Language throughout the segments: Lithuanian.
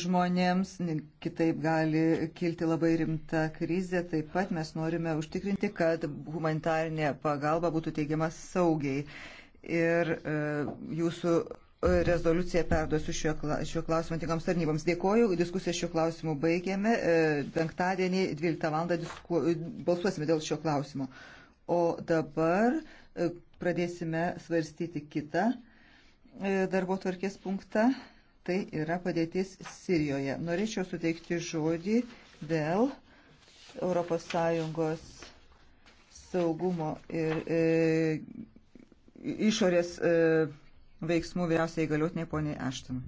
žmonėms, kitaip gali kilti labai rimta krizė. Taip pat mes norime užtikrinti, kad humanitarinė pagalba būtų teigiama saugiai. Ir e, jūsų rezoliuciją perduosiu šiuo, šiuo klausimu tinkoms tarnyboms. Dėkoju, diskusiją šiuo klausimu baigėme. E, penktadienį 12 val. Disku... balsuosime dėl šio klausimo. O dabar e, pradėsime svarstyti kitą e, darbo tvarkės punktą tai yra padėtis Sirijoje. Norėčiau suteikti žodį vėl ES saugumo ir e, išorės e, veiksmų vyriausiai galiotiniai poniai Ashton.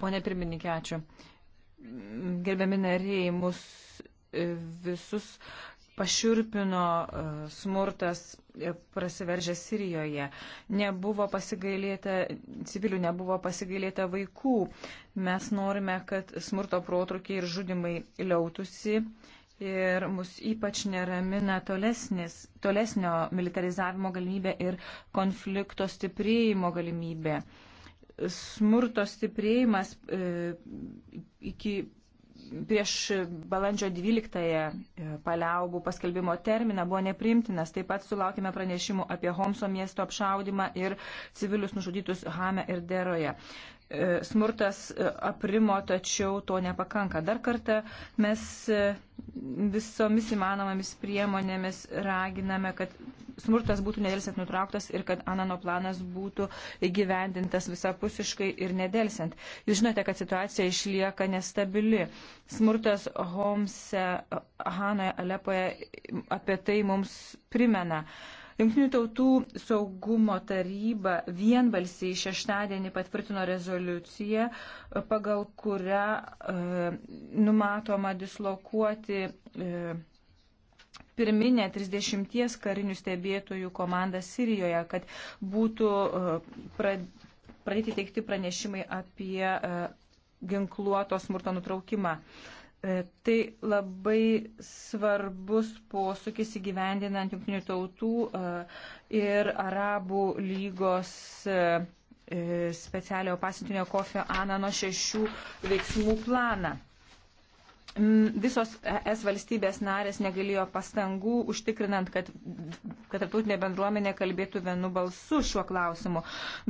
Pone pirmininkė, ačiū. Gerbiami nariai, mus e, visus pašiurpino e, smurtas e, prasiveržę Sirijoje. Nebuvo pasigailėta, civilių nebuvo pasigailėta vaikų. Mes norime, kad smurto protrukiai ir žudimai liautusi. Ir mus ypač neramina tolesnis, tolesnio militarizavimo galimybė ir konflikto stiprėjimo galimybė. Smurto stiprėjimas e, iki prieš balandžio 12-ąją e, paliaubų paskelbimo terminą buvo neprimtinas. Taip pat sulaukime pranešimų apie Homso miesto apšaudimą ir civilius nužudytus Hame ir Deroje. E, smurtas e, aprimo, tačiau to nepakanka. Dar kartą mes e, visomis įmanomomis priemonėmis raginame, kad smurtas būtų nedelsiant nutrauktas ir kad Anano planas būtų įgyvendintas visapusiškai ir nedelsiant. Jūs žinote, kad situacija išlieka nestabili. Smurtas Homse, Hanoje, Alepoje apie tai mums primena. Uh, Junktinių tautų saugumo taryba vienbalsiai šeštadienį patvirtino rezoliuciją, pagal kurią e, numatoma dislokuoti. E, pirminę 30 karinių stebėtojų komandą Sirijoje, kad būtų e, pradėti teikti pranešimai apie e, ginkluoto smurto nutraukimą. E, tai labai svarbus posūkis įgyvendinant jungtinių tautų e, ir Arabų lygos e, specialiojo pasiuntinio Kofio Anano šešių veiksmų planą. Mm, visos ES valstybės narės negalėjo pastangų užtikrinant, kad, kad tarptautinė bendruomenė kalbėtų vienu balsu šiuo klausimu.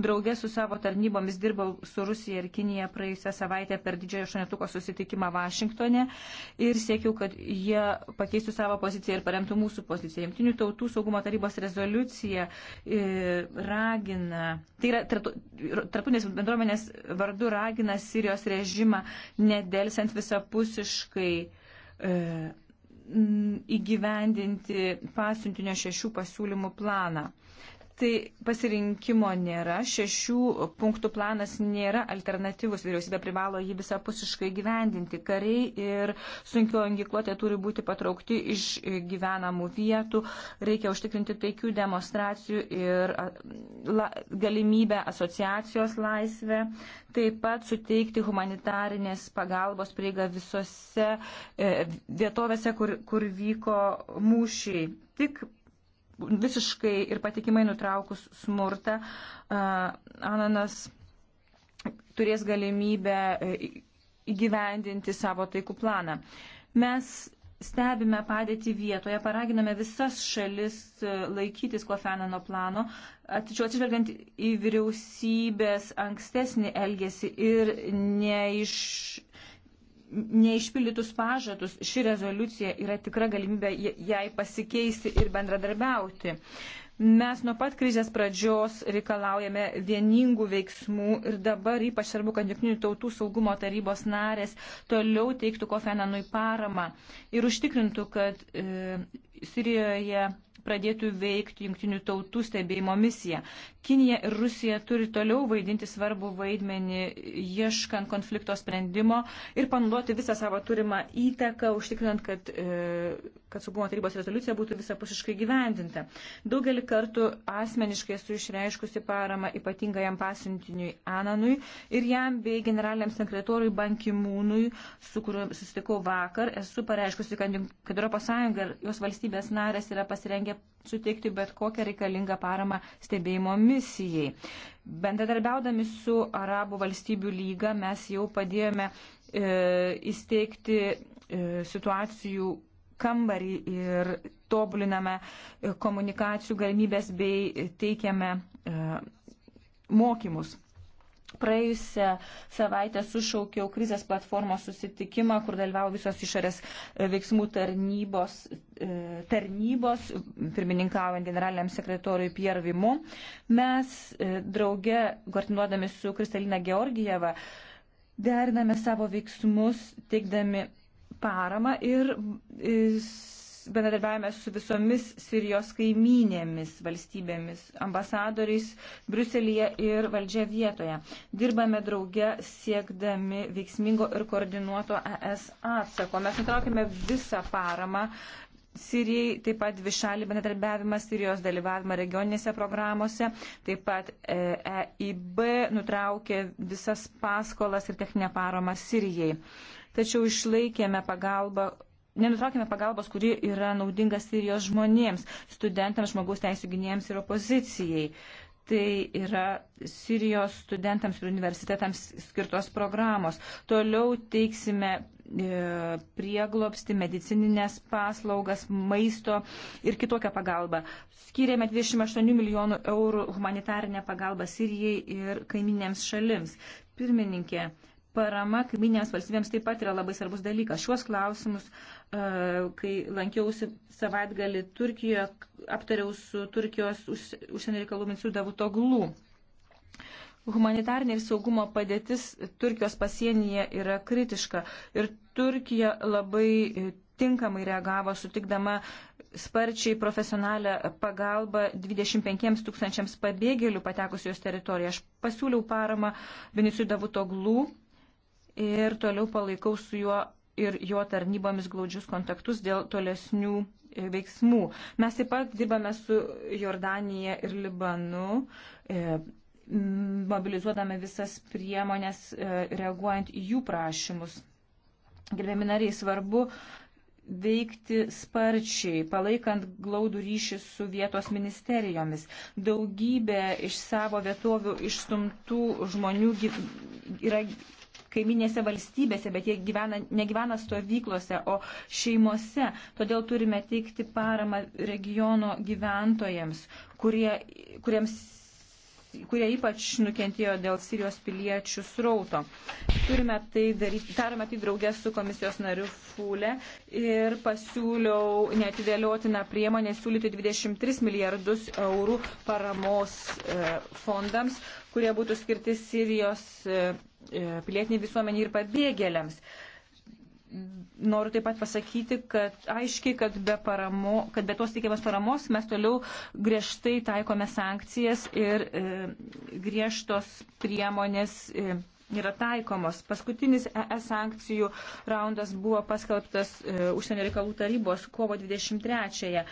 Draugė su savo tarnybomis dirbau su Rusija ir Kinija praėjusią savaitę per didžiojo šonetuko susitikimą Vašingtonė ir siekiau, kad jie pakeistų savo poziciją ir paremtų mūsų poziciją. Jungtinių tautų saugumo tarybos rezoliucija e, ragina, tai yra tarptautinės bendruomenės vardu ragina Sirijos režimą nedelsiant visapusiškai visiškai e, įgyvendinti pasiuntinio šešių pasiūlymų planą. Tai pasirinkimo nėra, šešių punktų planas nėra alternatyvus, vyriausybė privalo jį visapusiškai gyvendinti. Kariai ir sunkioji ginkluotė turi būti patraukti iš gyvenamų vietų, reikia užtikrinti taikių demonstracijų ir la, galimybę asociacijos laisvę, taip pat suteikti humanitarinės pagalbos prieigą visose e, vietovėse, kur, kur vyko mūšiai. Tik visiškai ir patikimai nutraukus smurtą, Ananas turės galimybę e, įgyvendinti savo taikų planą. Mes stebime padėtį vietoje, paraginame visas šalis e, laikytis Kofenano plano, atidžiu atsižvelgiant į vyriausybės ankstesnį elgesį ir neiš, neišpildytus pažadus, ši rezoliucija yra tikra galimybė jai pasikeisti ir bendradarbiauti. Mes nuo pat krizės pradžios reikalaujame vieningų veiksmų ir dabar ypač svarbu, kad Junktinių tautų saugumo tarybos narės toliau teiktų Kofenanui paramą ir užtikrintų, kad e, Sirijoje pradėtų veikti jungtinių tautų stebėjimo misija. Kinija ir Rusija turi toliau vaidinti svarbų vaidmenį, ieškant konflikto sprendimo ir panaudoti visą savo turimą įtaką, užtikrinant, kad, e, kad saugumo tarybos rezoliucija būtų visapusiškai gyvendinta. Daugelį kartų asmeniškai esu išreiškusi paramą ypatingajam pasiuntiniui Ananui ir jam bei generaliniam sekretoriui Bankimūnui, su kuriuo susitikau vakar, esu pareiškusi, kad, kad ES ir jos valstybės narės yra pasirengę reikia suteikti bet kokią reikalingą paramą stebėjimo misijai. Bendradarbiaudami su Arabų valstybių lyga mes jau padėjome e, įsteigti e, situacijų kambarį ir tobuliname e, komunikacijų galimybės bei teikiame e, mokymus. Praėjusią savaitę sušaukiau krizės platformos susitikimą, kur dalyvavo visos išorės e, veiksmų tarnybos, e, tarnybos pirmininkaujant generaliniam sekretoriui Pierre Vimu. Mes e, drauge, koordinuodami su Kristalina Georgijeva, deriname savo veiksmus, teikdami paramą ir bendradarbiavame su visomis Sirijos kaimynėmis valstybėmis, ambasadoriais Bruselėje ir valdžia vietoje. Dirbame drauge siekdami veiksmingo ir koordinuoto ES atsako. Mes nutraukime visą paramą Sirijai, taip pat višalį bendradarbiavimą Sirijos dalyvavimą regioninėse programuose, taip pat EIB e nutraukė visas paskolas ir techninę paramą Sirijai. Tačiau išlaikėme pagalbą nenutraukime pagalbos, kuri yra naudinga Sirijos žmonėms, studentams, žmogaus teisų gynėjams ir opozicijai. Tai yra Sirijos studentams ir universitetams skirtos programos. Toliau teiksime e, prieglopsti, medicininės paslaugas, maisto ir kitokią pagalbą. Skyrėme 28 milijonų eurų humanitarinę pagalbą Sirijai ir kaiminėms šalims. Pirmininkė, parama kaiminėms valstybėms taip pat yra labai svarbus dalykas. Šiuos klausimus uh, kai lankiausi savaitgalį Turkijoje, aptariau su Turkijos užsienio reikalų ministru Davutoglu. Humanitarnė ir saugumo padėtis Turkijos pasienyje yra kritiška ir Turkija labai tinkamai reagavo, sutikdama sparčiai profesionalią pagalbą 25 tūkstančiams pabėgėlių patekusios teritoriją. Aš pasiūliau paramą Vinicijų Davutoglu ir toliau palaikau su juo ir jo tarnybomis glaudžius kontaktus dėl tolesnių e, veiksmų. Mes taip pat dirbame su Jordanija ir Libanu, e, mobilizuodami visas priemonės, e, reaguojant į jų prašymus. Gerbėmi nariai, svarbu veikti sparčiai, palaikant glaudų ryšį su vietos ministerijomis. Daugybė iš savo vietovių išstumtų žmonių yra kaiminėse valstybėse, bet jie gyvena, negyvena stovyklose, o šeimose. Todėl turime teikti paramą regiono gyventojams, kurie, kuriems kurie ypač nukentėjo dėl Sirijos piliečių srauto. Turime tai daryti, darome tai draugę su komisijos nariu Fūlė ir pasiūliau netidėliotiną priemonę siūlyti 23 milijardus eurų paramos e, fondams, kurie būtų skirti Sirijos e, E, pilietiniai visuomeniai ir pabėgėliams. Noriu taip pat pasakyti, kad aiškiai, kad be, paramo, kad be tos teikiamas paramos mes toliau griežtai taikome sankcijas ir e, griežtos priemonės. E, yra taikomos. Paskutinis ES e sankcijų raundas buvo paskelbtas e, užsienio reikalų tarybos kovo 23-ąją.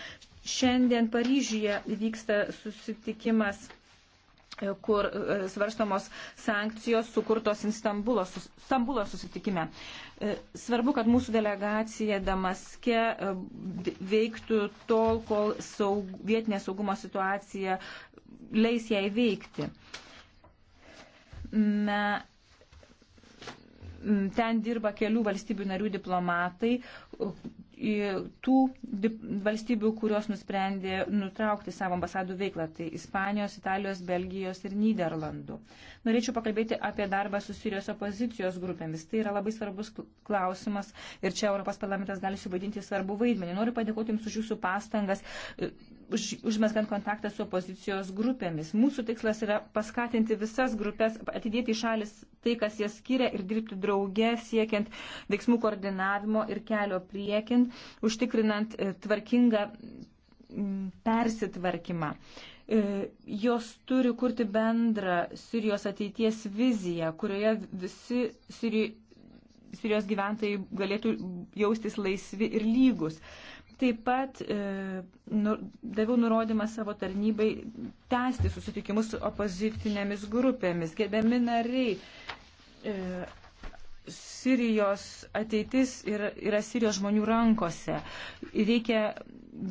Šiandien Paryžyje vyksta susitikimas kur e, svarstamos sankcijos sukurtos Stambulo, Stambulo susitikime. E, svarbu, kad mūsų delegacija Damaske e, veiktų tol, kol saug, vietinė saugumo situacija leis jai veikti. Me, ten dirba kelių valstybių narių diplomatai, tų valstybių, kurios nusprendė nutraukti savo ambasadų veiklą, tai Ispanijos, Italijos, Belgijos ir Niderlandų. Norėčiau pakalbėti apie darbą su Sirijos opozicijos grupėmis. Tai yra labai svarbus klausimas ir čia Europos parlamentas gali suvaidinti svarbu vaidmenį. Noriu padėkoti Jums už Jūsų pastangas užmeskant kontaktą su opozicijos grupėmis. Mūsų tikslas yra paskatinti visas grupės, atidėti į šalis tai, kas jas skiria ir dirbti drauge, siekiant veiksmų koordinavimo ir kelio priekin, užtikrinant e, tvarkingą persitvarkymą. E, jos turi kurti bendrą Sirijos ateities viziją, kurioje visi Sirijos gyventojai galėtų jaustis laisvi ir lygus. Taip pat e, nu, daviau nurodymą savo tarnybai tęsti susitikimus su opozicinėmis grupėmis. Gerbiami nariai, e, Sirijos ateitis yra, yra Sirijos žmonių rankose. Reikia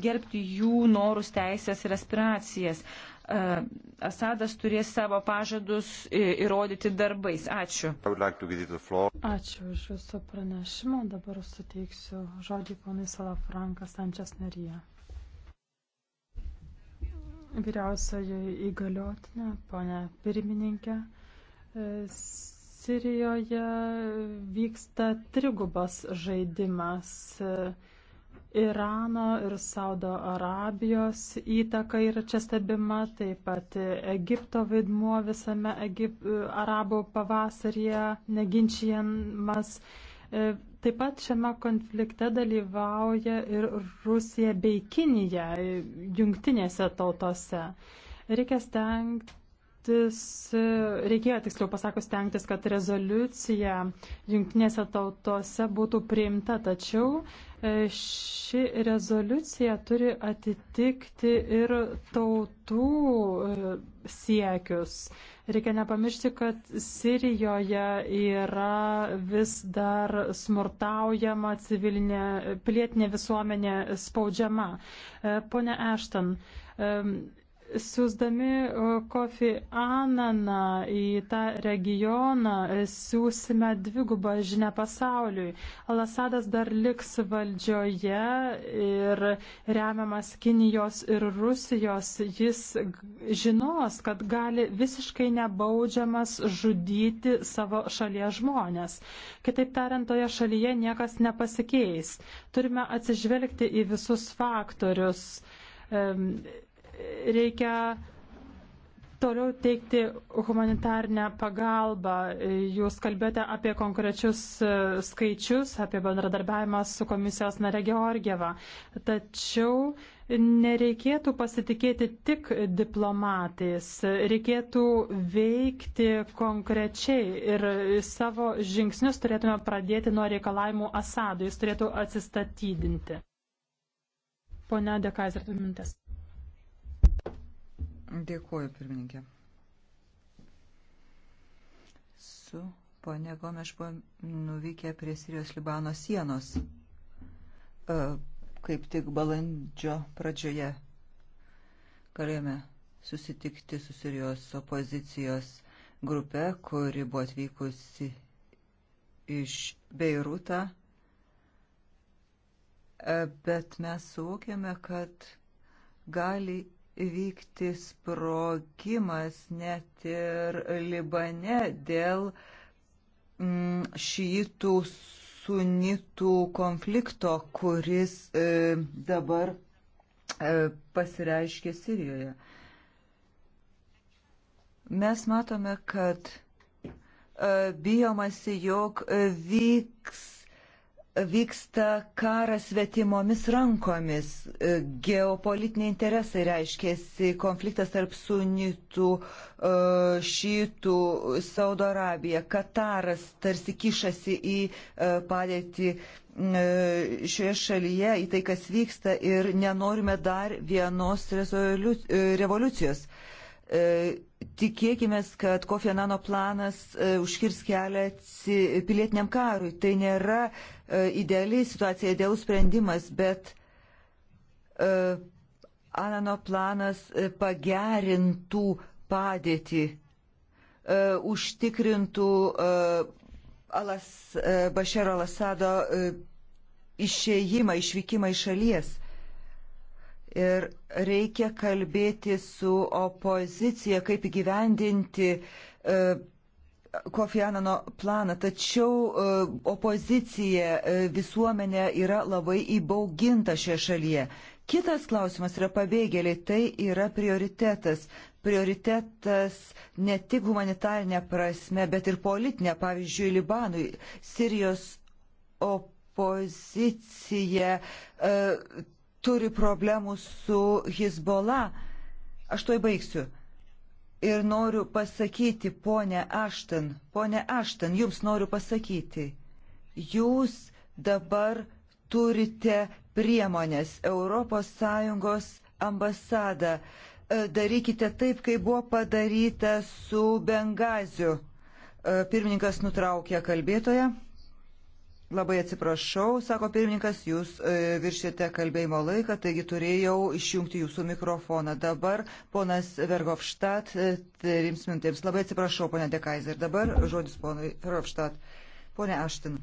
gerbti jų norus, teisės ir aspiracijas. E, E, Asadas turės savo pažadus įrodyti darbais. Ačiū. Ačiū už Jūsų pranešimą. Dabar suteiksiu žodį ponai Salafranka Sančias Nerija. Vyriausioji įgaliotinė, ponė pirmininkė. E, Sirijoje vyksta trigubas žaidimas. E, Irano ir Saudo Arabijos įtaka yra čia stebima, taip pat Egipto vaidmuo visame Egip, arabų pavasaryje neginčiamas. E, taip pat šiame konflikte dalyvauja ir Rusija bei Kinija jungtinėse tautose. Reikia stengti stengtis, reikėjo tiksliau pasakus stengtis, kad rezoliucija jungtinėse tautose būtų priimta, tačiau e, ši rezoliucija turi atitikti ir tautų e, siekius. Reikia nepamiršti, kad Sirijoje yra vis dar smurtaujama civilinė, pilietinė visuomenė spaudžiama. E, pone Ešton, Siūsdami e, Kofi Ananą į tą regioną e, siūsime dvigubą žinę pasauliui. Alasadas dar liks valdžioje ir remiamas Kinijos ir Rusijos jis žinos, kad gali visiškai nebaudžiamas žudyti savo šalies žmonės. Kitaip tariant, toje šalyje niekas nepasikeis. Turime atsižvelgti į visus faktorius reikia toliau teikti humanitarnę pagalbą. Jūs kalbėjote apie konkrečius skaičius, apie bendradarbiavimą su komisijos nare Georgieva. Tačiau nereikėtų pasitikėti tik diplomatais, reikėtų veikti konkrečiai ir savo žingsnius turėtume pradėti nuo reikalavimų Asadui, jis turėtų atsistatydinti. Pone Dekaiser, mintis. Dėkuoju, pirmininkė. Su ponė Gomeš buvo nuvykę prie Sirijos Libano sienos, e, kaip tik balandžio pradžioje. Galėjome susitikti su Sirijos opozicijos grupe, kuri buvo atvykusi iš Beirutą, e, bet mes suvokėme, kad gali vykti sprogimas net ir Libane dėl mm, šyitų sunitų konflikto, kuris e, dabar e, pasireiškia Sirijoje. Mes matome, kad e, bijomasi, jog vyks vyksta karas svetimomis rankomis, e, geopolitiniai interesai reiškėsi, konfliktas tarp sunitų, e, šytų, Saudo Arabija, Kataras tarsi kišasi į e, padėtį šioje šalyje, į tai, kas vyksta ir nenorime dar vienos revoliucijos Tikėkime, kad Kofi Anano planas e, užkirs kelią pilietiniam karui. Tai nėra e, ideali situacija, idealus sprendimas, bet e, Anano planas pagerintų padėtį, užtikrintų Alas, Bašero Alasado išėjimą, išvykimą iš šalies. Ir reikia kalbėti su opozicija, kaip įgyvendinti e, Kofi Anano planą. Tačiau e, opozicija, e, visuomenė yra labai įbauginta šioje šalyje. Kitas klausimas yra pabėgėliai. Tai yra prioritetas. Prioritetas ne tik humanitarinė prasme, bet ir politinė, pavyzdžiui, Libanui. Sirijos opozicija. E, turi problemų su Hezbollah. Aš to įbaigsiu. Ir noriu pasakyti, ponė Ašten, ponė Ašten, jums noriu pasakyti, jūs dabar turite priemonės ES ambasadą. E, darykite taip, kaip buvo padaryta su Bengaziu. E, pirmininkas nutraukė kalbėtoją. Labai atsiprašau, sako pirmininkas, jūs e, viršėte kalbėjimo laiką, taigi turėjau išjungti jūsų mikrofoną. Dabar ponas Vergovštat, e, trims minutėms. Labai atsiprašau, ponė Dekaiser. Dabar žodis ponui Vergovštat. Pone Aštin,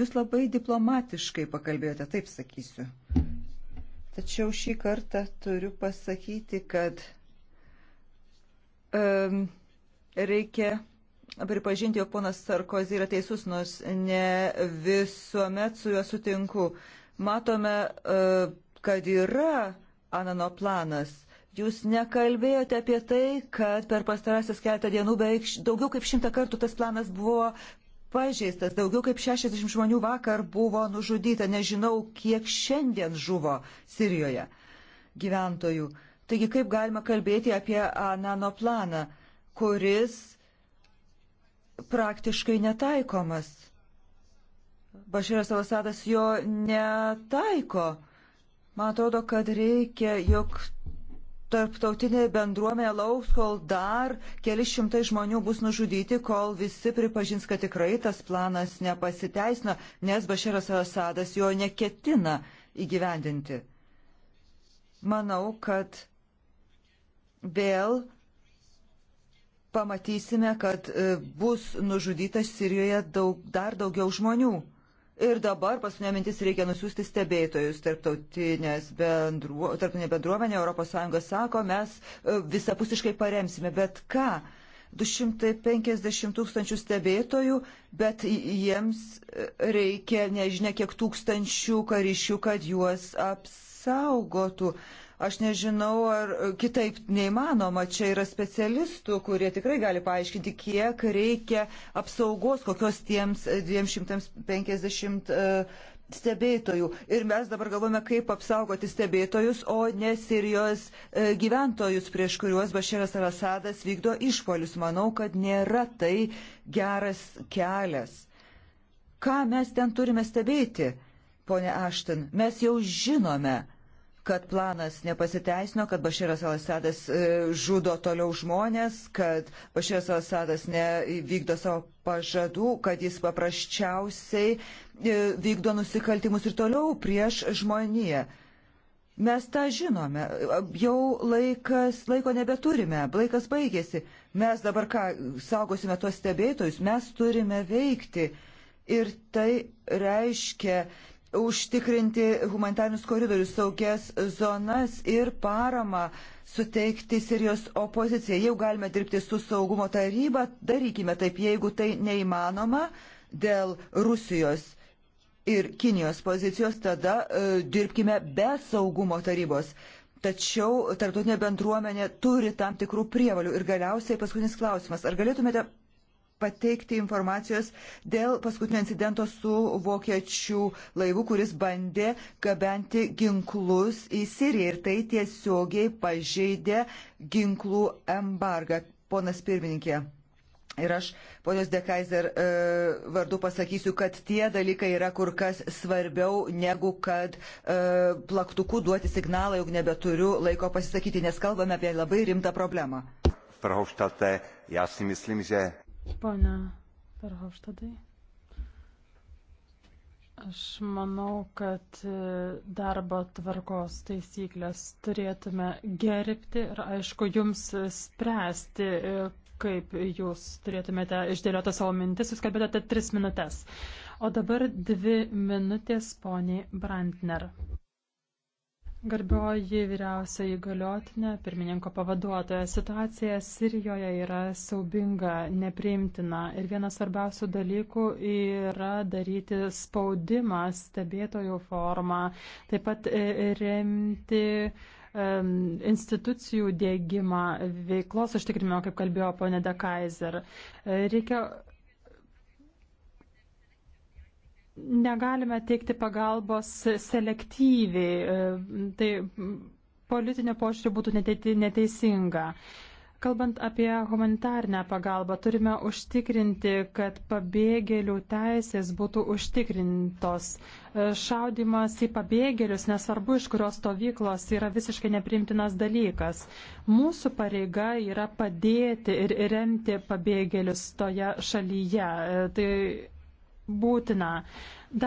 jūs labai diplomatiškai pakalbėjote, taip sakysiu. Tačiau šį kartą turiu pasakyti, kad um, e, reikia pripažinti, jog ponas Sarkozy yra teisus, nors ne visuomet su juo sutinku. Matome, e, kad yra Anano planas. Jūs nekalbėjote apie tai, kad per pastarąsias keletą dienų beveik daugiau kaip šimtą kartų tas planas buvo pažeistas. Daugiau kaip 60 žmonių vakar buvo nužudyta. Nežinau, kiek šiandien žuvo Sirijoje gyventojų. Taigi kaip galima kalbėti apie Anano planą, kuris praktiškai netaikomas. Baširas Alasadas jo netaiko. Man atrodo, kad reikia, jog tarptautinė bendruomenė lauks, kol dar keli šimtai žmonių bus nužudyti, kol visi pripažins, kad tikrai tas planas nepasiteisino, nes Bašaras Asadas jo neketina įgyvendinti. Manau, kad vėl pamatysime, kad e, bus nužudyta Sirijoje daug, dar daugiau žmonių. Ir dabar paskutinė mintis reikia nusiųsti stebėtojus. Tarptautinės bendruo, tarptautinė bendruomenė, ES sako, mes e, visapusiškai paremsime. Bet ką? 250 tūkstančių stebėtojų, bet jiems e, reikia nežinia kiek tūkstančių karišių, kad juos apsaugotų. Aš nežinau, ar kitaip neįmanoma. Čia yra specialistų, kurie tikrai gali paaiškinti, kiek reikia apsaugos, kokios tiems 250 e, stebėtojų. Ir mes dabar galvome, kaip apsaugoti stebėtojus, o ne Sirijos e, gyventojus, prieš kuriuos Baširas ar Asadas vykdo išpolius. Manau, kad nėra tai geras kelias. Ką mes ten turime stebėti, ponė Ašten? Mes jau žinome, kad planas nepasiteisino, kad Baširas Alasadas e, žudo toliau žmonės, kad Baširas Alasadas nevykdo savo pažadų, kad jis paprasčiausiai e, vykdo nusikaltimus ir toliau prieš žmoniją. Mes tą žinome, jau laikas, laiko nebeturime, laikas baigėsi. Mes dabar ką, saugosime tuos stebėtojus, mes turime veikti. Ir tai reiškia, užtikrinti humanitarinius koridorius, saugias zonas ir paramą suteikti Sirijos opozicijai. Jau galime dirbti su saugumo taryba, darykime taip, jeigu tai neįmanoma dėl Rusijos ir Kinijos pozicijos, tada e, dirbkime be saugumo tarybos. Tačiau tarptautinė bendruomenė turi tam tikrų prievalių. Ir galiausiai paskutinis klausimas. Ar galėtumėte pateikti informacijos dėl paskutinio incidento su vokiečių laivu, kuris bandė gabenti ginklus į Siriją ir tai tiesiogiai pažeidė ginklų embargą. Ponas pirmininkė. Ir aš, ponios Dekaiser, e, vardu pasakysiu, kad tie dalykai yra kur kas svarbiau, negu kad e, plaktuku duoti signalą, jog nebeturiu laiko pasisakyti, nes kalbame apie labai rimtą problemą. Frauštate, ja si myslím, že Pone Perhoštadai. Aš manau, kad e, darbo tvarkos taisyklės turėtume gerbti ir aišku, jums spręsti, e, kaip jūs turėtumėte išdėlioti savo mintis, jūs kalbėjote tris minutės. O dabar dvi minutės poniai Brandner. Garbioji vyriausia įgaliotinė, pirmininko pavaduotoja, situacija Sirijoje yra siaubinga, nepriimtina ir vienas svarbiausių dalykų yra daryti spaudimą stebėtojų formą, taip pat e, remti institucijų dėgymą, veiklos užtikrinimą, kaip kalbėjo ponė De Kaiser. E, reikia negalime teikti pagalbos selektyviai. E, tai politinio požiūrį būtų neteisinga. Kalbant apie humanitarnę pagalbą, turime užtikrinti, kad pabėgėlių teisės būtų užtikrintos. E, šaudimas į pabėgėlius, nesvarbu iš kurios stovyklos, yra visiškai neprimtinas dalykas. Mūsų pareiga yra padėti ir remti pabėgėlius toje šalyje. E, tai būtina.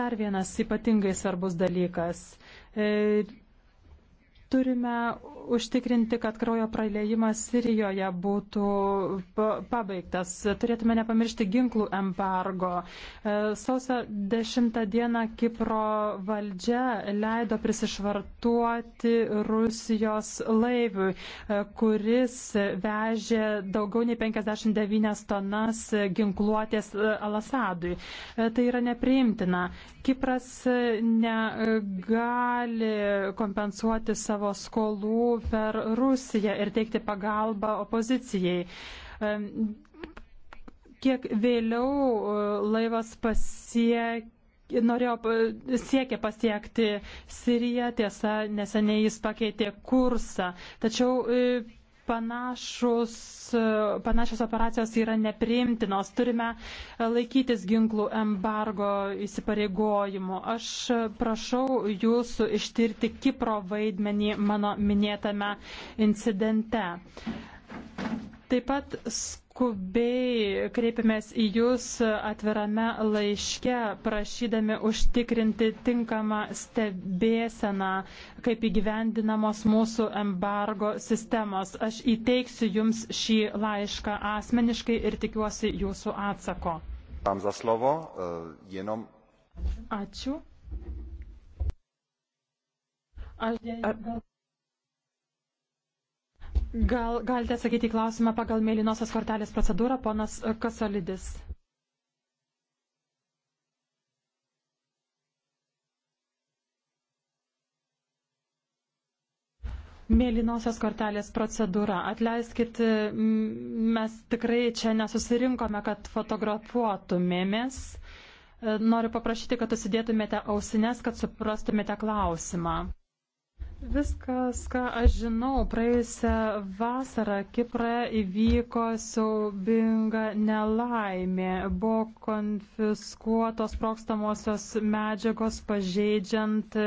Dar vienas ypatingai svarbus dalykas. E, turime užtikrinti, kad kraujo praleimas Sirijoje būtų pabaigtas. Turėtume nepamiršti ginklų embargo. E, sausio 10 dieną Kipro valdžia leido prisišvartuoti Rusijos laivui, e, kuris vežė daugiau nei 59 tonas ginkluotės e, Alasadui. Tai yra nepriimtina. Kipras negali kompensuoti savo skolų kelių per Rusiją ir teikti pagalbą opozicijai. Kiek vėliau e, laivas pasiekė norėjo siekė pasiekti Siriją, tiesa, neseniai jis pakeitė kursą. Tačiau e, panašus, panašios operacijos yra nepriimtinos. Turime laikytis ginklų embargo įsipareigojimų. Aš prašau jūsų ištirti Kipro vaidmenį mano minėtame incidente. Taip pat skubiai kreipėmės į Jūs atvirame laiške, prašydami užtikrinti tinkamą stebėseną, kaip įgyvendinamos mūsų embargo sistemos. Aš įteiksiu Jums šį laišką asmeniškai ir tikiuosi Jūsų atsako. E, Ačiū. Aš, gal... Gal galite atsakyti į klausimą pagal mėlynosios kortelės procedūrą, ponas Kasolidis. Mėlynosios kortelės procedūra. Atleiskit, mes tikrai čia nesusirinkome, kad fotografuotumėmės. Noriu paprašyti, kad susidėtumėte ausinės, kad suprastumėte klausimą. Viskas, ką aš žinau, praėjusią vasarą Kiprą įvyko siaubinga nelaimė. Buvo konfiskuotos prokstamosios medžiagos pažeidžiant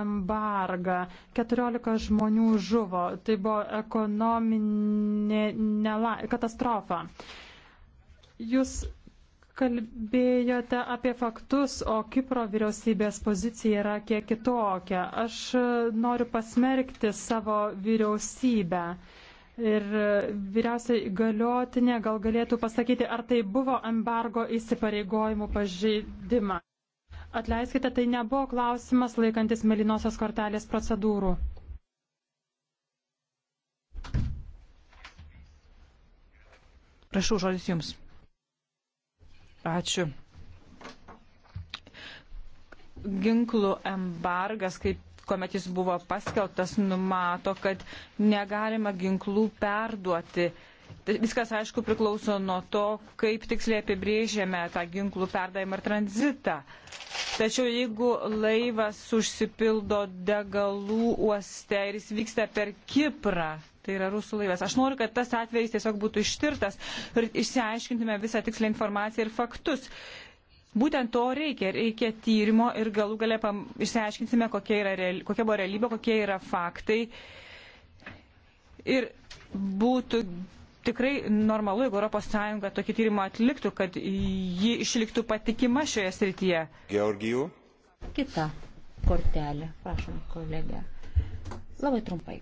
embargą. 14 žmonių žuvo. Tai buvo ekonominė nela... katastrofa. Jūs kalbėjote apie faktus, o Kipro vyriausybės pozicija yra kiek kitokia. Aš e, noriu pasmerkti savo vyriausybę. Ir e, vyriausiai galiotinė gal galėtų pasakyti, ar tai buvo embargo įsipareigojimų pažeidimą. Atleiskite, tai nebuvo klausimas laikantis melinosios kortelės procedūrų. Prašau, žodis jums. Ačiū. Ginklų embargas, kaip kuomet jis buvo paskelbtas, numato, kad negalima ginklų perduoti. Tai viskas, aišku, priklauso nuo to, kaip tiksliai apibrėžėme tą ginklų perdavimą ir tranzitą. Tačiau jeigu laivas užsipildo degalų uoste ir jis vyksta per Kiprą, tai yra rusų laivas. Aš noriu, kad tas atvejis tiesiog būtų ištirtas ir išsiaiškintume visą tikslę informaciją ir faktus. Būtent to reikia, reikia tyrimo ir galų galę išsiaiškinsime, kokia, yra, kokia buvo realybė, kokie yra faktai. Ir būtų tikrai normalu, jeigu ES tokį tyrimą atliktų, kad ji išliktų patikima šioje srityje. Georgijų. Kita kortelė, prašom, kolegė. Labai trumpai.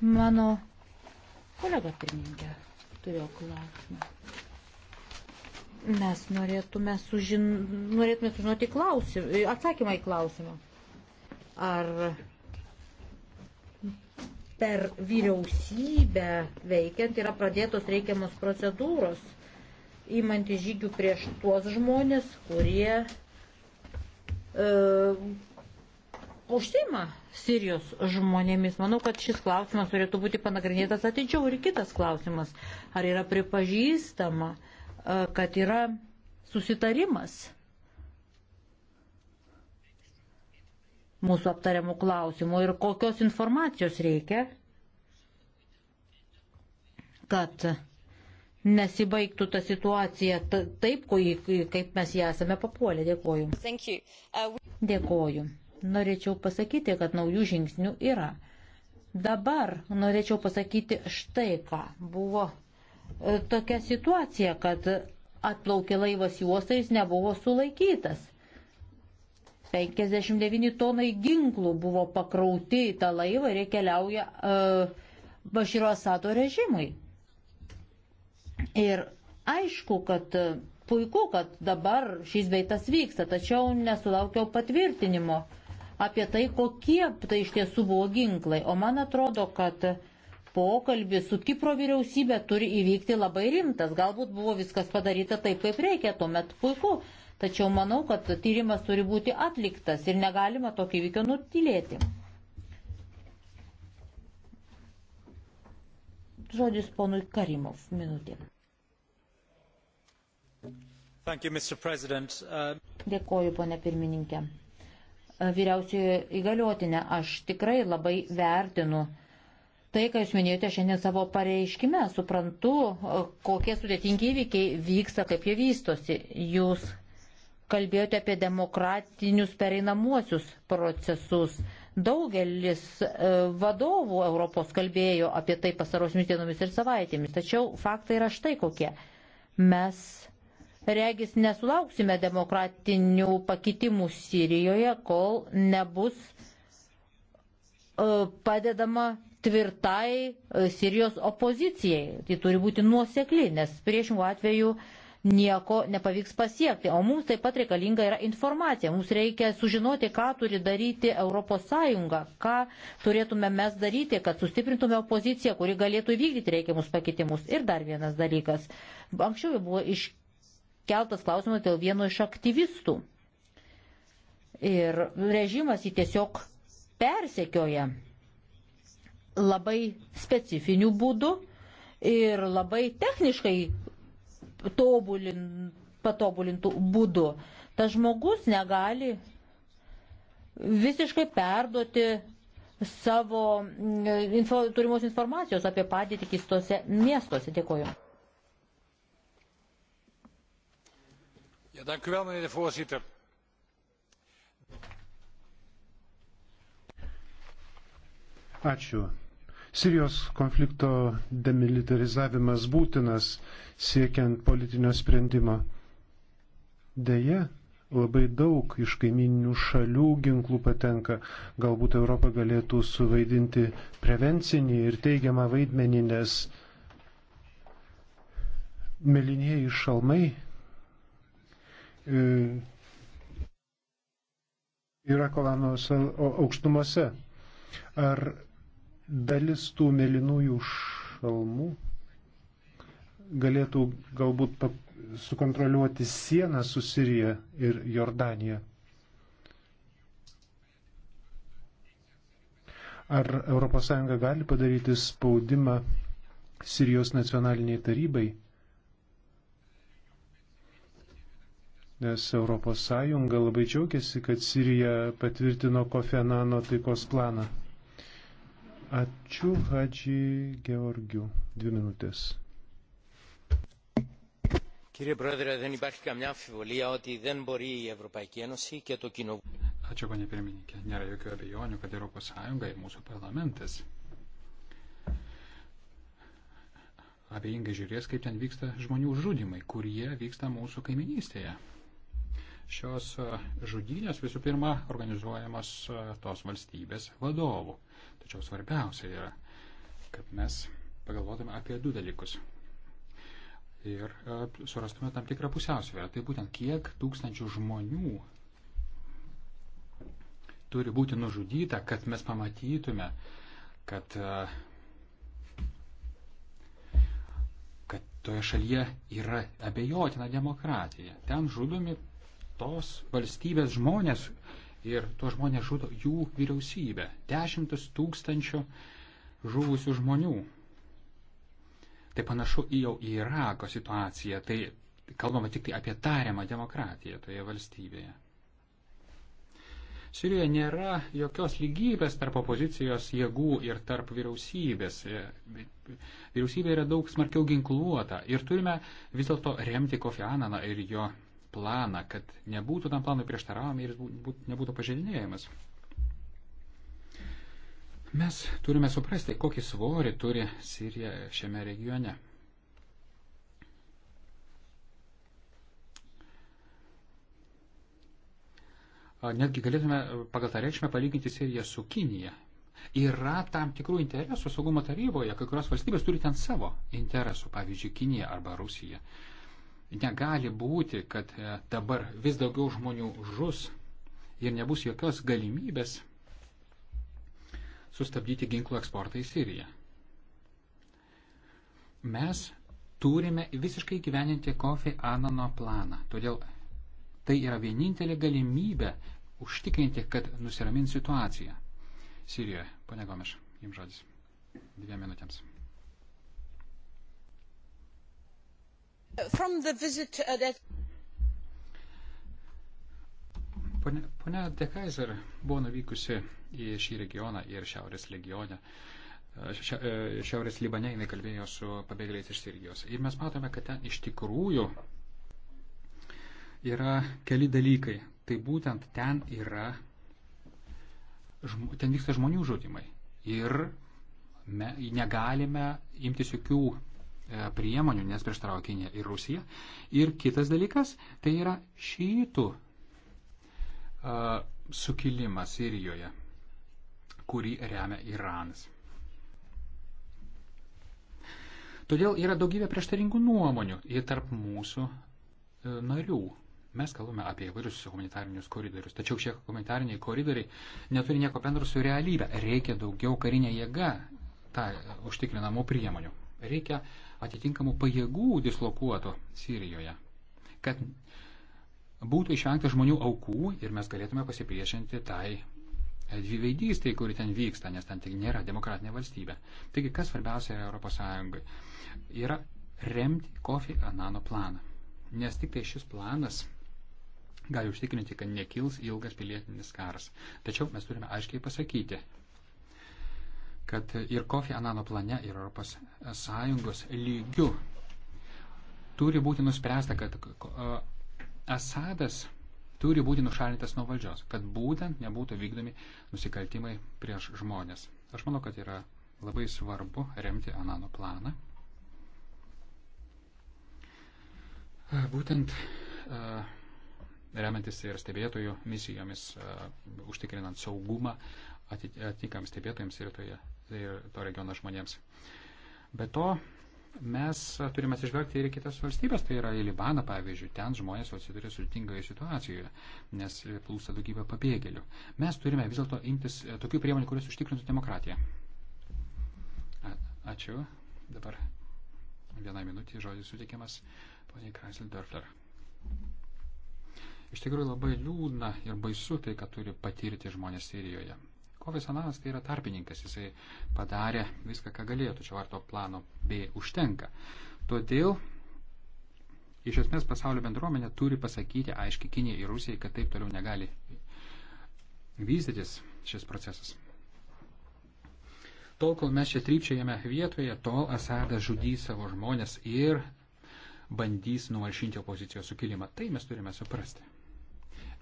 Mano kolega pirmininkė turėjo klausimą. Mes norėtume, sužin... norėtume sužinoti klausim... atsakymą į klausimą. Ar per vyriausybę veikiant yra pradėtos reikiamos procedūros, įmanti žygių prieš tuos žmonės, kurie e, užsima Sirijos žmonėmis. Manau, kad šis klausimas turėtų būti panagrinėtas atidžiau ir kitas klausimas. Ar yra pripažįstama, e, kad yra susitarimas mūsų aptariamų klausimų ir kokios informacijos reikia, kad nesibaigtų ta situacija taip, kaip mes ją esame papuolę. Dėkoju. Uh, Dėkoju norėčiau pasakyti, kad naujų žingsnių yra. Dabar norėčiau pasakyti štai ką. Buvo e, tokia situacija, kad atplaukė laivas į uostą, jis nebuvo sulaikytas. 59 tonai ginklų buvo pakrauti į tą laivą ir jie keliauja uh, e, Baširo Asado režimui. Ir aišku, kad e, puiku, kad dabar šis veitas vyksta, tačiau nesulaukiau patvirtinimo. Uh, apie tai, kokie tai iš tiesų buvo ginklai. O man atrodo, kad pokalbis su Kipro vyriausybė turi įvykti labai rimtas. Galbūt buvo viskas padaryta taip, kaip reikia, tuomet puiku. Tačiau manau, kad tyrimas turi būti atliktas ir negalima tokį įvykio nutilėti. Žodis ponui Karimov, minutė. You, uh... Dėkoju, ponė pirmininkė vyriausiojo įgaliotinę. Aš tikrai labai vertinu tai, ką Jūs minėjote šiandien savo pareiškime. Suprantu, e, kokie sudėtingi įvykiai vyksta, kaip jie vystosi. Jūs kalbėjote apie demokratinius pereinamuosius procesus. Daugelis e, vadovų Europos kalbėjo apie tai pasarosiamis dienomis ir savaitėmis. Tačiau faktai yra štai kokie. Mes regis nesulauksime demokratinių pakitimų Sirijoje, kol nebus e, padedama tvirtai e, Sirijos opozicijai. Tai turi būti nuosekli, nes priešingų atveju nieko nepavyks pasiekti. O mums taip pat reikalinga yra informacija. Mums reikia sužinoti, ką turi daryti ES, ką turėtume mes daryti, kad sustiprintume opoziciją, kuri galėtų įvykdyti reikiamus pakitimus. Ir dar vienas dalykas. Anksčiau jau buvo iš keltas klausimas dėl vieno iš aktyvistų. Ir režimas jį tiesiog persekioja labai specifiniu būdu ir labai techniškai tobulin, patobulintų būdų. Tas žmogus negali visiškai perduoti savo mm, info, turimos informacijos apie padėtį kistose miestuose. Dėkuoju. voorzitter ačiū sirijos konflikto demilitarizavimas būtinas siekiant politinio sprendimo deja labai daug iš kaiminių šalių ginklų patenka. Galbūt Europa galėtų suvaidinti prevencinį ir teigiamą vaidmenį, nes mėlynieji šalmai E, yra Kolanos aukštumose. Ar dalis tų mėlynųjų šalmų galėtų galbūt sukontroliuoti sieną su Sirija ir Jordanija? Ar ES gali padaryti spaudimą Sirijos nacionaliniai tarybai nes ES labai džiaugiasi, kad Sirija patvirtino Kofenano taikos planą. Ačiū, Hadži Georgiu. Dvi minutės. Κύριε Πρόεδρε, δεν υπάρχει καμιά αμφιβολία ότι δεν μπορεί η Ευρωπαϊκή Ένωση και το Κοινοβούλιο. Ačiū, ponė pirmininkė. Nėra jokių abejonių, kad Europos Sąjunga ir mūsų parlamentas abejingai žiūrės, kaip ten vyksta žmonių žudimai, kurie vyksta mūsų kaiminystėje. Šios e, žudynės visų pirma organizuojamos e, tos valstybės vadovų. Tačiau svarbiausia yra, kad mes pagalvotume apie du dalykus. Ir e, surastume tam tikrą pusiausvyrą. Tai būtent kiek tūkstančių žmonių turi būti nužudyta, kad mes pamatytume, kad, kad toje šalyje yra abejotina demokratija. Ten žudomi tos valstybės žmonės ir tuos žmonės žudo jų vyriausybė. Dešimtis tūkstančių žuvusių žmonių. Tai panašu jau į Irako situaciją. Tai kalbama tik tai apie tariamą demokratiją toje valstybėje. Sirijoje nėra jokios lygybės tarp opozicijos jėgų ir tarp vyriausybės. Vyriausybė yra daug smarkiau ginkluota ir turime vis dėlto remti Kofi Ananą ir jo planą, kad nebūtų tam planui prieštaraujama ir jis nebūtų pažeidinėjamas. Mes turime suprasti, kokį svorį turi Sirija šiame regione. Netgi galėtume pagal tą reikšmę palyginti Siriją su Kinija. Yra tam tikrų interesų saugumo taryboje, kai kurios valstybės turi ten savo interesų, pavyzdžiui, Kinija arba Rusija. Uh, Negali būti, kad e, dabar vis daugiau žmonių žus ir nebus jokios galimybės sustabdyti ginklų eksportą į Siriją. Mes turime visiškai gyveninti Kofi Anano planą. Todėl tai yra vienintelė galimybė užtikrinti, kad nusiramins situacija. Sirijoje, pane Gomeš, jums žodis. Dviem minutėms. Uh, pone, pone De Kaiser buvo nuvykusi į šį regioną ir šiaurės regionę. E, šiaurės Libane jinai kalbėjo su pabėgėliais iš Sirijos. Ir mes matome, kad ten iš tikrųjų yra keli dalykai. Tai būtent ten yra, ten vyksta žmonių žudimai. Ir me, negalime imtis jokių E, priemonių, nes prieštarauja Kinija ir Rusija. Ir kitas dalykas, tai yra šytų e, sukilimas Sirijoje, kurį remia Iranas. Todėl yra daugybė prieštaringų nuomonių ir tarp mūsų e, narių. Mes kalbame apie įvairius humanitarinius koridorius, tačiau šie humanitariniai koridoriai neturi nieko bendro su realybė. Reikia daugiau karinė jėga tą užtikrinamų priemonių reikia atitinkamų pajėgų dislokuoto Sirijoje, kad būtų išvengta žmonių aukų ir mes galėtume pasipriešinti tai dviveidystai, kuri ten vyksta, nes ten tik nėra demokratinė valstybė. Taigi, kas svarbiausia yra Europos Sąjungai? Yra remti Kofi Anano planą. Nes tik tai šis planas gali užtikrinti, kad nekils ilgas pilietinis karas. Tačiau mes turime aiškiai pasakyti, kad ir Kofi Anano plane, ir ES lygių turi būti nuspręsta, kad Asadas turi būti nušalintas nuo valdžios, kad būtent nebūtų vykdomi nusikaltimai prieš žmonės. Aš manau, kad yra labai svarbu remti Anano planą. Būtent remiantis ir stebėtojų misijomis, užtikrinant saugumą, atitinkams stebėtojams ir, toje, tai ir to regiono žmonėms. Be to, mes turime atsižvelgti ir kitas valstybės, tai yra į Libaną, pavyzdžiui, ten žmonės atsiduria sudėtingoje situacijoje, nes plūsta daugybė pabėgėlių. Mes turime vis dėlto imtis e, tokių priemonių, kurios užtikrintų demokratiją. A, ačiū. Dabar vieną minutį žodis suteikiamas poniai Kreisel Dörfler. Iš tikrųjų labai liūdna ir baisu tai, ką turi patirti žmonės Sirijoje. Kovisonanas tai yra tarpininkas, jisai padarė viską, ką galėjo, tačiau ar to plano B užtenka. Todėl iš esmės pasaulio bendruomenė turi pasakyti aiškiai Kinijai ir Rusijai, kad taip toliau negali vystytis šis procesas. Tol, kol mes čia trypčiajame vietoje, tol Asadas žudys savo žmonės ir bandys numalšinti opozicijos sukilimą. Tai mes turime suprasti.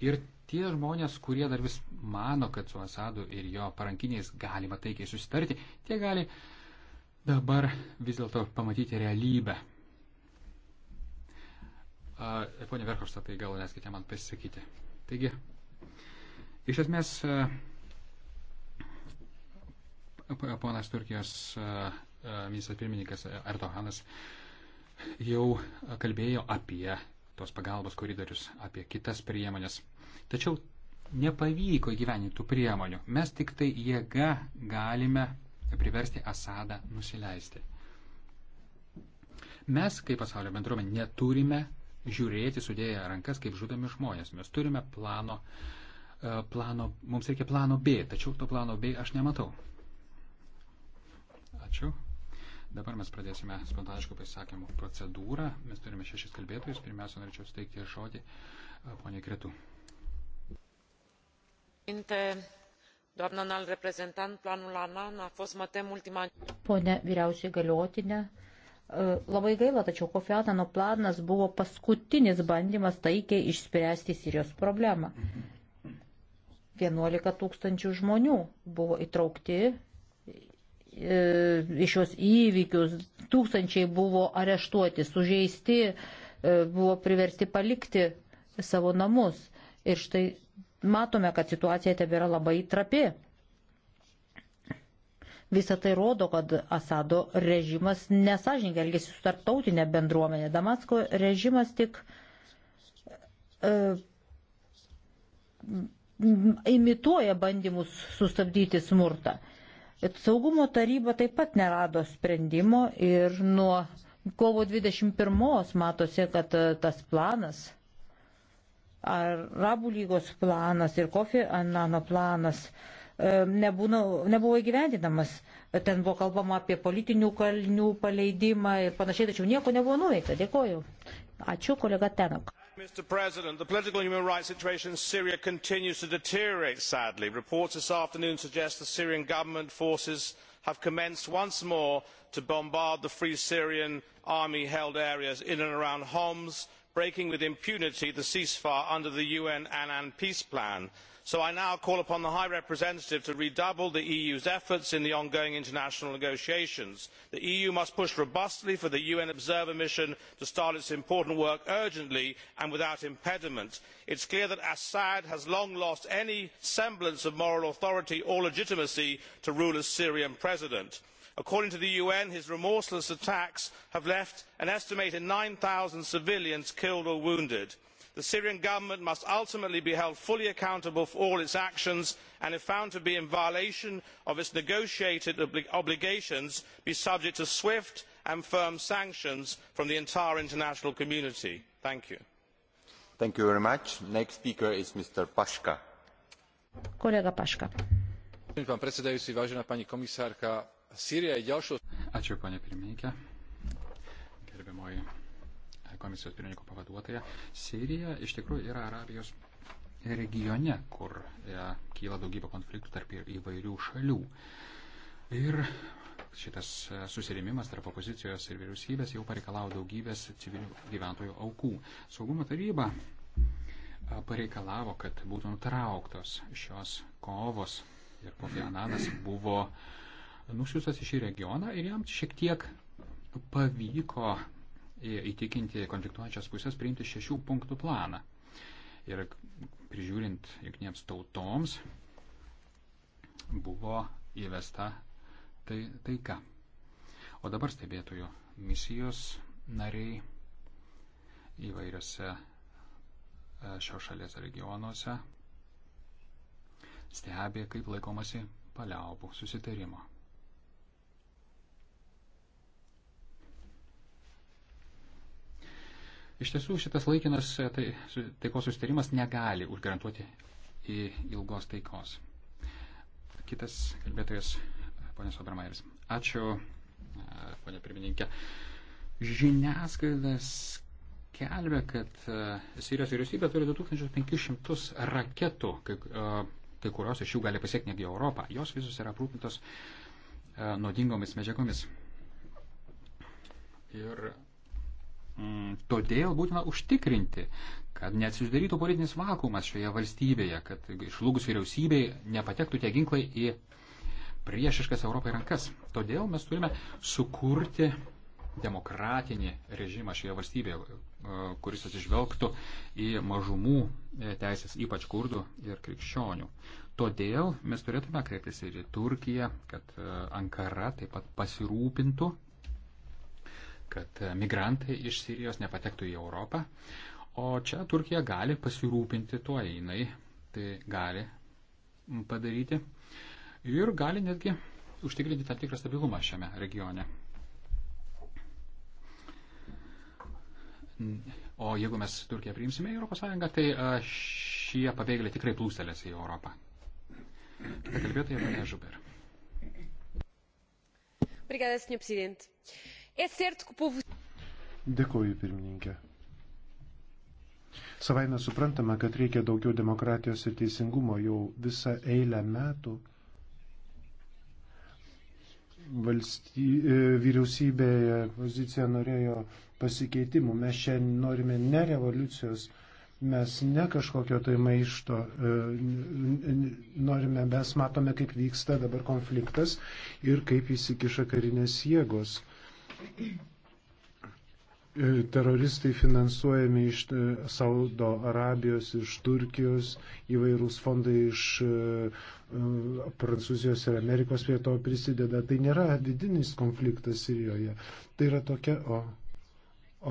Ir tie žmonės, kurie dar vis mano, kad su Asadu ir jo parankiniais galima taikiai susitarti, tie gali dabar vis dėlto pamatyti realybę. Pone Verkošta, tai gal leiskite man pasisakyti. Taigi, iš esmės, ponas Turkijos ministras pirmininkas Erdoganas jau kalbėjo apie tos pagalbos koridorius, apie kitas priemonės. Tačiau nepavyko įgyveninti tų priemonių. Mes tik tai jėga galime priversti Asadą nusileisti. Mes, kaip pasaulio bendruomenė, neturime žiūrėti sudėję rankas, kaip žudomi žmonės. Mes turime plano, e, plano, mums reikia plano B, tačiau to plano B aš nematau. Ačiū. Dabar mes pradėsime spontaniškų pasisakymų procedūrą. Mes turime šešis kalbėtojus. Pirmiausia, norėčiau suteikti žodį e, poniai Kretu. Doamna înalt reprezentant, planul ANAN a fost, mă tem, ultima... Pone vyriausiai galiotinė, e, labai gaila, tačiau Kofi Anano planas buvo paskutinis bandymas taikiai išspręsti Sirijos problemą. 11 tūkstančių žmonių buvo įtraukti E, į šios įvykius. Tūkstančiai buvo areštuoti, sužeisti, e, buvo priversti palikti savo namus. Ir štai matome, kad situacija tebėra labai trapi. Visą tai rodo, kad Asado režimas nesažininkai elgesi su tarptautinė bendruomenė. Damasko režimas tik e, imituoja bandymus sustabdyti smurtą. E, Saugumo taryba taip pat nerado sprendimo ir nuo kovo 21 matosi, kad e, tas planas, Arabų lygos planas ir Kofi Anano planas e, nebūna, nebuvo įgyvendinamas. E, ten buvo kalbama apie politinių kalnių paleidimą ir panašiai, tačiau nieko nebuvo nuveikta. Dėkoju. Ačiū, kolega Tenok mr president the political and human rights situation in syria continues to deteriorate sadly. reports this afternoon suggest the syrian government forces have commenced once more to bombard the free syrian army held areas in and around homs breaking with impunity the ceasefire under the un annan peace plan so i now call upon the high representative to redouble the eu's efforts in the ongoing international negotiations. the eu must push robustly for the un observer mission to start its important work urgently and without impediment. it is clear that assad has long lost any semblance of moral authority or legitimacy to rule as syrian president. according to the un his remorseless attacks have left an estimated nine zero civilians killed or wounded the syrian government must ultimately be held fully accountable for all its actions and if found to be in violation of its negotiated obligations be subject to swift and firm sanctions from the entire international community. pán predsedajúci vážená pani komisárka sýria je ďalšou komisijos pirmininko pavaduotoja, Sirija iš tikrųjų yra Arabijos regione, kur ja, e, kyla daugybė konfliktų tarp įvairių šalių. Ir šitas e, susirėmimas tarp opozicijos ir vyriausybės jau pareikalavo daugybės civilių gyventojų aukų. Saugumo taryba e, pareikalavo, kad būtų nutrauktos šios kovos ir kofi Ananas buvo nusiustas į šį regioną ir jam šiek tiek pavyko įtikinti konfliktuojančias pusės priimti šešių punktų planą. Ir prižiūrint jungtinėms tautoms buvo įvesta tai, taika. O dabar stebėtojų misijos nariai įvairiose e, šios šalies regionuose stebė, kaip laikomasi paliaubų susitarimo. Iš tiesų šitas laikinas e, tai, taikos sustarimas negali užgarantuoti ilgos taikos. Kitas kalbėtojas, ponės Obramairis. Ačiū, e, ponė pirmininkė. Žiniasklaida skelbia, kad e, Sirijos vyriausybė turi 2500 raketų, kai, kai kurios iš jų gali pasiekti negi Europą. Jos visos yra aprūpintos naudingomis medžiagomis. Ir Mm, todėl būtina užtikrinti, kad neatsidarytų politinis vakumas šioje valstybėje, kad išlūgus vyriausybei nepatektų tie ginklai į priešiškas Europai rankas. Todėl mes turime sukurti demokratinį režimą šioje valstybėje, e, kuris atsižvelgtų į mažumų e, teisės, ypač kurdų ir krikščionių. Todėl mes turėtume kreiptis ir į Turkiją, kad e, Ankara taip pat pasirūpintų kad migrantai iš Sirijos nepatektų į Europą, o čia Turkija gali pasirūpinti tuo, jinai tai gali padaryti ir gali netgi užtikrinti tam tikrą stabilumą šiame regione. O jeigu mes Turkiją priimsime į ES, tai šie pabėgėliai tikrai plūstelės į Europą. Kita kalbėtoja, Maria Žuber. Obrigada, senhor Presidente. Dėkuoju, pirmininkė. Savaime suprantama, kad reikia daugiau demokratijos ir teisingumo jau visą eilę metų. Valsty, e, vyriausybėje pozicija norėjo pasikeitimų. Mes šiandien norime ne revoliucijos, mes ne kažkokio tai maišto. E, norime, mes matome, kaip vyksta dabar konfliktas ir kaip įsikiša karinės jėgos. E, teroristai finansuojami iš e, Saudo Arabijos, iš Turkijos, įvairūs fondai iš e, Prancūzijos ir Amerikos prie to prisideda. Tai nėra vidinis konfliktas Sirijoje. Tai yra tokia o,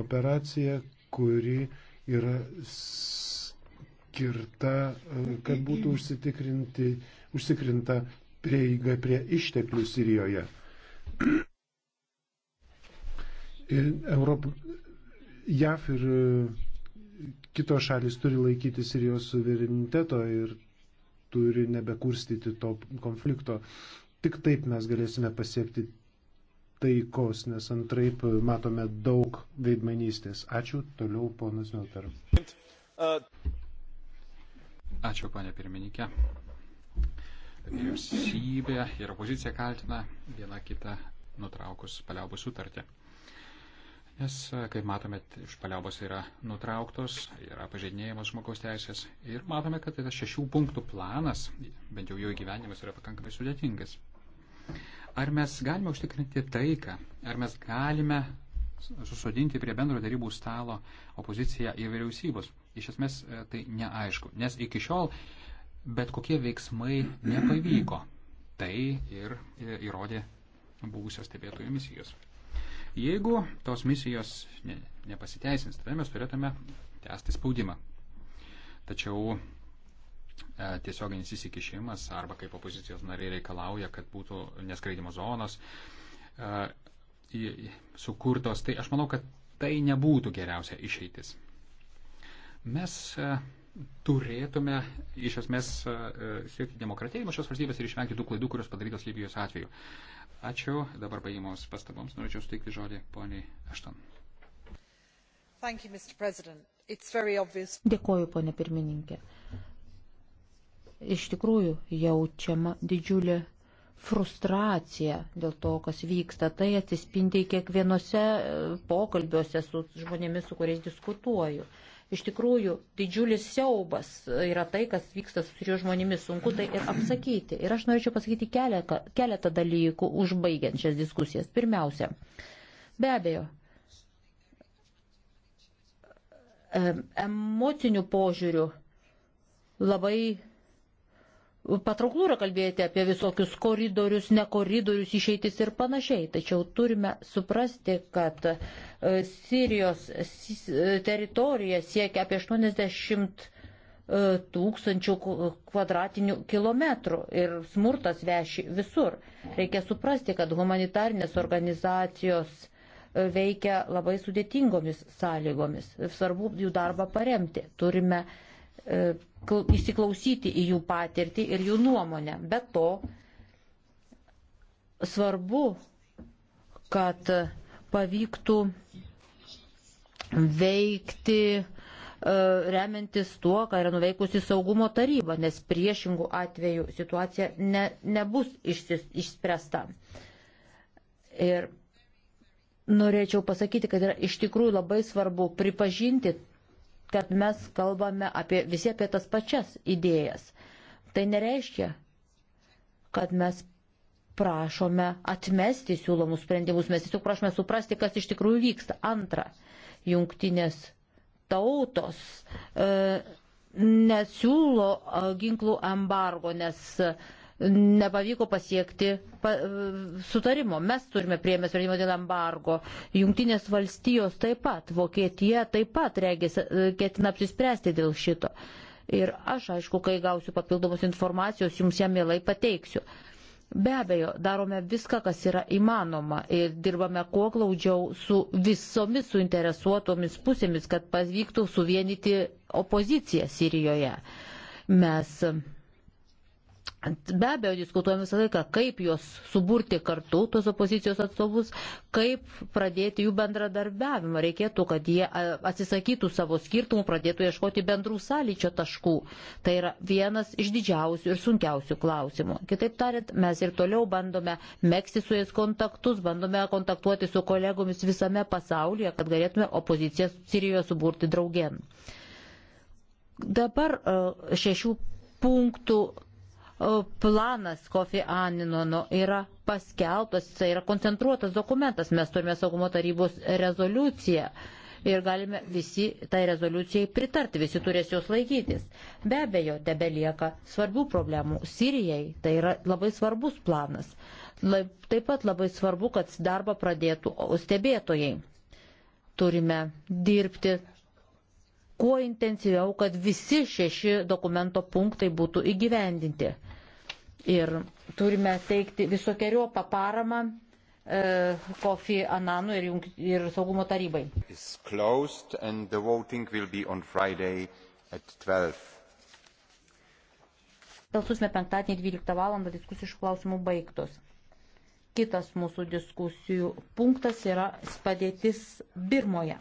operacija, kuri yra skirta, kad būtų užsitikrinta prieiga prie išteklių Sirijoje. Europa, JAF ir e, kitos šalis turi laikyti Sirijos suvereniteto ir turi nebekurstyti to konflikto. Tik taip mes galėsime pasiekti taikos, nes antraip matome daug veidmanystės. Ačiū, toliau ponas Miltar. Ačiū, ponė pirmininkė. Vyriausybė ir opozicija kaltina vieną kitą nutraukus paliaubų sutartį. Nes, kaip matome, paliaubos yra nutrauktos, yra pažeidinėjimas žmogaus teisės ir matome, kad tas šešių punktų planas, bent jau jo įgyvenimas, yra pakankamai sudėtingas. Ar mes galime užtikrinti taiką, ar mes galime susodinti prie bendro darybų stalo opoziciją ir vyriausybos? Iš esmės e, tai neaišku, nes iki šiol bet kokie veiksmai nepavyko. Tai ir e, įrodė buvusios stebėtojų misijos. Jeigu tos misijos ne, nepasiteisins, tada mes turėtume tęsti spaudimą. Tačiau e, tiesioginis įsikišimas arba kaip opozicijos nariai reikalauja, kad būtų neskraidimo zonos e, sukurtos, tai aš manau, kad tai nebūtų geriausia išeitis. Mes e, turėtume iš esmės e, siekti demokratėjimo šios valstybės ir išvengti tų klaidų, kurios padarytos Libijos atveju. Ačiū. Dabar baigimos pastaboms norėčiau suteikti žodį poniai Ašton. Dėkoju, ponė pirmininkė. Iš tikrųjų jaučiama didžiulė frustracija dėl to, kas vyksta. Tai atsispindi kiekvienose e, pokalbiuose su žmonėmis, su kuriais diskutuoju. Uh, Iš tikrųjų, didžiulis siaubas yra tai, kas vyksta su trijų žmonėmis, sunku tai ir apsakyti. Ir aš norėčiau pasakyti keletą, keletą dalykų, užbaigiant šias diskusijas. Pirmiausia, be abejo, emocinių požiūrių labai Patrauklu yra kalbėti apie visokius koridorius, ne koridorius, išeitis ir panašiai. Tačiau turime suprasti, kad e, Sirijos teritorija siekia apie 80 e, tūkstančių kvadratinių kilometrų ir smurtas veši visur. Reikia suprasti, kad humanitarnės organizacijos e, veikia labai sudėtingomis sąlygomis. Svarbu jų darbą paremti. Turime E, įsiklausyti į jų patirtį ir jų nuomonę. Be to, svarbu, kad pavyktų veikti e, remiantis tuo, ką yra nuveikusi saugumo taryba, nes priešingų atveju situacija ne, nebus išsis, išspręsta. Ir norėčiau pasakyti, kad yra iš tikrųjų labai svarbu pripažinti kad mes kalbame apie, visi apie tas pačias idėjas. Tai nereiškia, kad mes prašome atmesti siūlomus sprendimus, mes tiesiog prašome suprasti, kas iš tikrųjų vyksta. Antra, jungtinės tautos e, nesiūlo e, ginklų embargo, nes nepavyko pasiekti pa, sutarimo. Mes turime priemę sprendimą dėl embargo. Jungtinės valstijos taip pat, Vokietija taip pat regis, e, ketina apsispręsti dėl šito. Ir aš, aišku, kai gausiu papildomos informacijos, jums ją mielai pateiksiu. Be abejo, darome viską, kas yra įmanoma ir dirbame kuo glaudžiau su visomis suinteresuotomis pusėmis, kad pavyktų suvienyti opoziciją Sirijoje. Mes Be abejo, diskutuojame visą laiką, kaip juos suburti kartu, tos opozicijos atstovus, kaip pradėti jų bendradarbiavimą. Reikėtų, kad jie atsisakytų savo skirtumų, pradėtų ieškoti bendrų sąlyčio taškų. Tai yra vienas iš didžiausių ir sunkiausių klausimų. Kitaip tariant, mes ir toliau bandome mėgsti su jais kontaktus, bandome kontaktuoti su kolegomis visame pasaulyje, kad galėtume opoziciją Sirijoje suburti draugien. Dabar šešių punktų planas Kofi Aninono yra paskelbtas, jis tai yra koncentruotas dokumentas, mes turime saugumo tarybos rezoliuciją. Ir galime visi tai rezoliucijai pritarti, visi turės jos laikytis. Be abejo, tebelieka svarbių problemų. Sirijai tai yra labai svarbus planas. Taip pat labai svarbu, kad darbą pradėtų stebėtojai. Turime dirbti kuo intensyviau, kad visi šeši dokumento punktai būtų įgyvendinti. Ir turime teikti visokiojo paparamą e, Kofi Ananu ir, ir saugumo tarybai. Balsusime penktadienį 12 val. diskusijų iš klausimų baigtos. Kitas mūsų diskusijų punktas yra padėtis Birmoje.